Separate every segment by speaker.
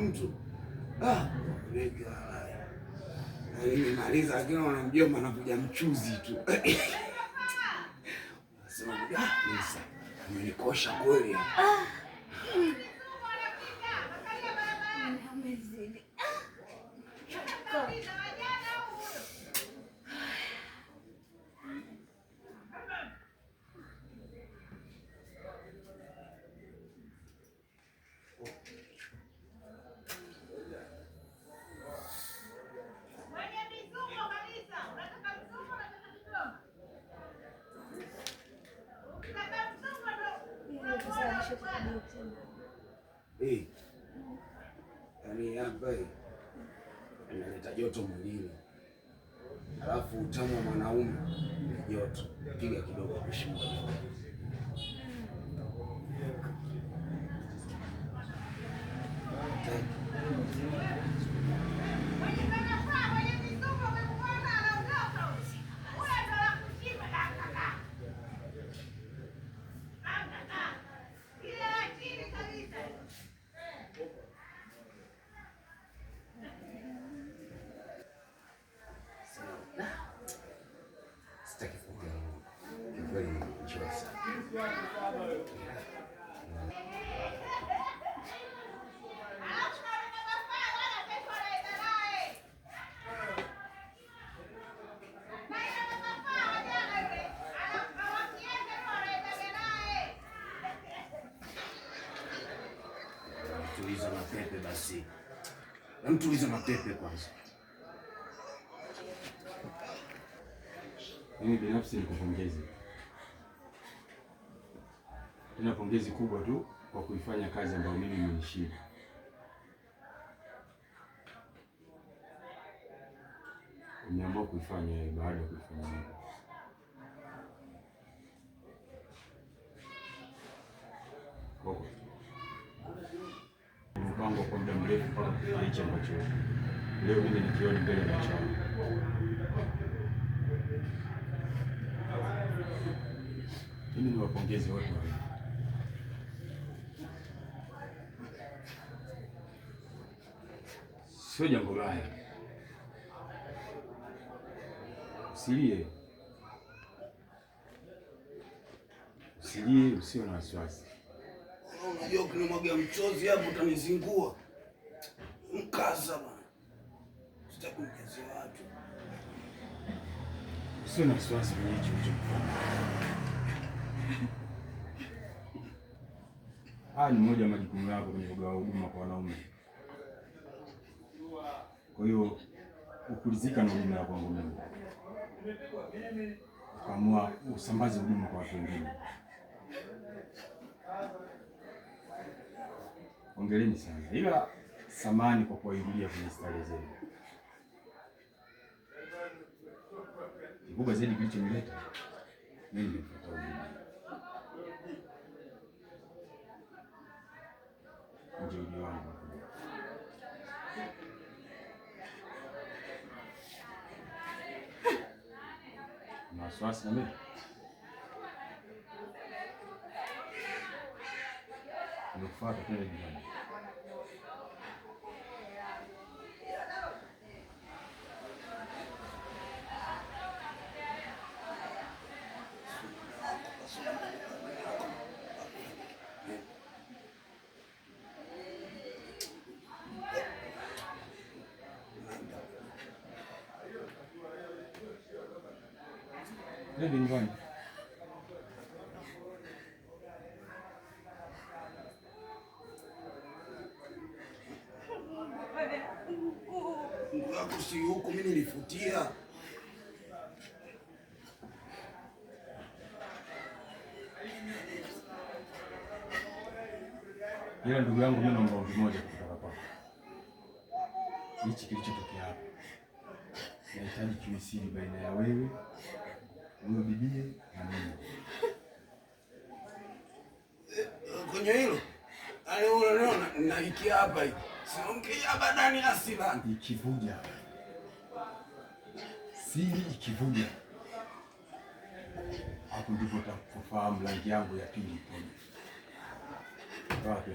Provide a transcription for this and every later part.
Speaker 1: mtu nimemaliza, lakini wanamjomba anakuja mchuzi tu sema ah, amenikosha kweli. Hey. Yaani hapa analeta joto mwilini, alafu utamu wa mwanaume ni joto. Piga kidogo mheshimiwa. tuliza mapepe basi. Namtuliza mapepe kwanza. Mimi binafsi nikupongeze. Tuna pongezi kubwa tu kwa kuifanya kazi ambayo mimi nimeishia. Umeamua kuifanya baada ya kuifanya hichi ambacho leo mimi nikioni mbele ya macho mimi niwapongeze wote wawili sio jambo baya, usilie, usilie, usio na wasiwasi. Unajua ukinimwagia mchozi hapo utanizingua kaza bwana, sitaki mjazie watu. Sio na wasiwasi kwenye hicho Haya ni moja ya majukumu yako kwenye kugawa huduma kwa wanaume. Kwa hiyo ukulizika na huduma ya kwangu mimi, ukaamua usambaze huduma kwa watu wengine. Hongereni sana ila samani kwa kuwaingilia kwenye stare zenu. Kikubwa zaidi kilichonileta mimi nimepata huduma. Ujeudi wangu wasiwasi na mimi nimekufuata tena nyumbani Njoni huku mimi nilifutia. Ila ndugu yangu, mimi naomba ombi moja kutoka kwako. Hichi kilichotokea hapa, nahitaji kiwe siri baina ya wewe, huyo bibie na mimi. Kwenye hilo aliona hiki hapa hii, siomkia badani asiba ikivuja, siri ikivuja, hapo ndipo utakufahamu rangi yangu ya pili. Wapi?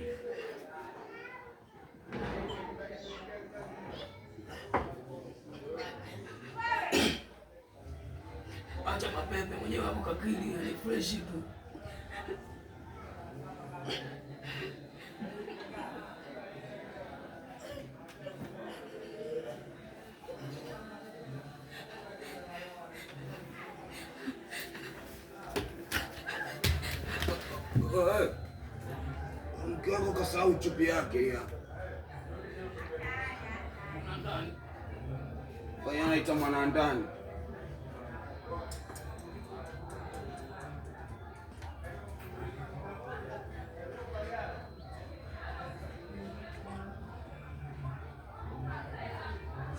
Speaker 1: Acha mapepe mwenye wangu kakili ni fresh tu. oh mke wako kasahau chupi yake ya. Kwa hiyo anaita mwanandani.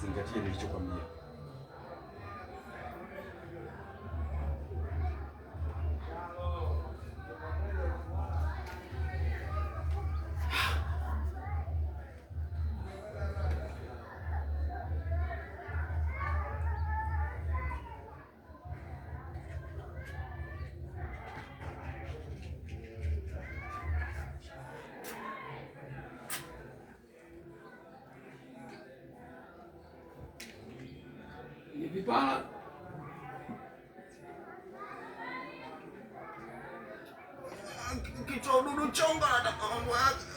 Speaker 1: Zingatia nilichokwambia. Vipara kichwa dudu chonga na kongo yake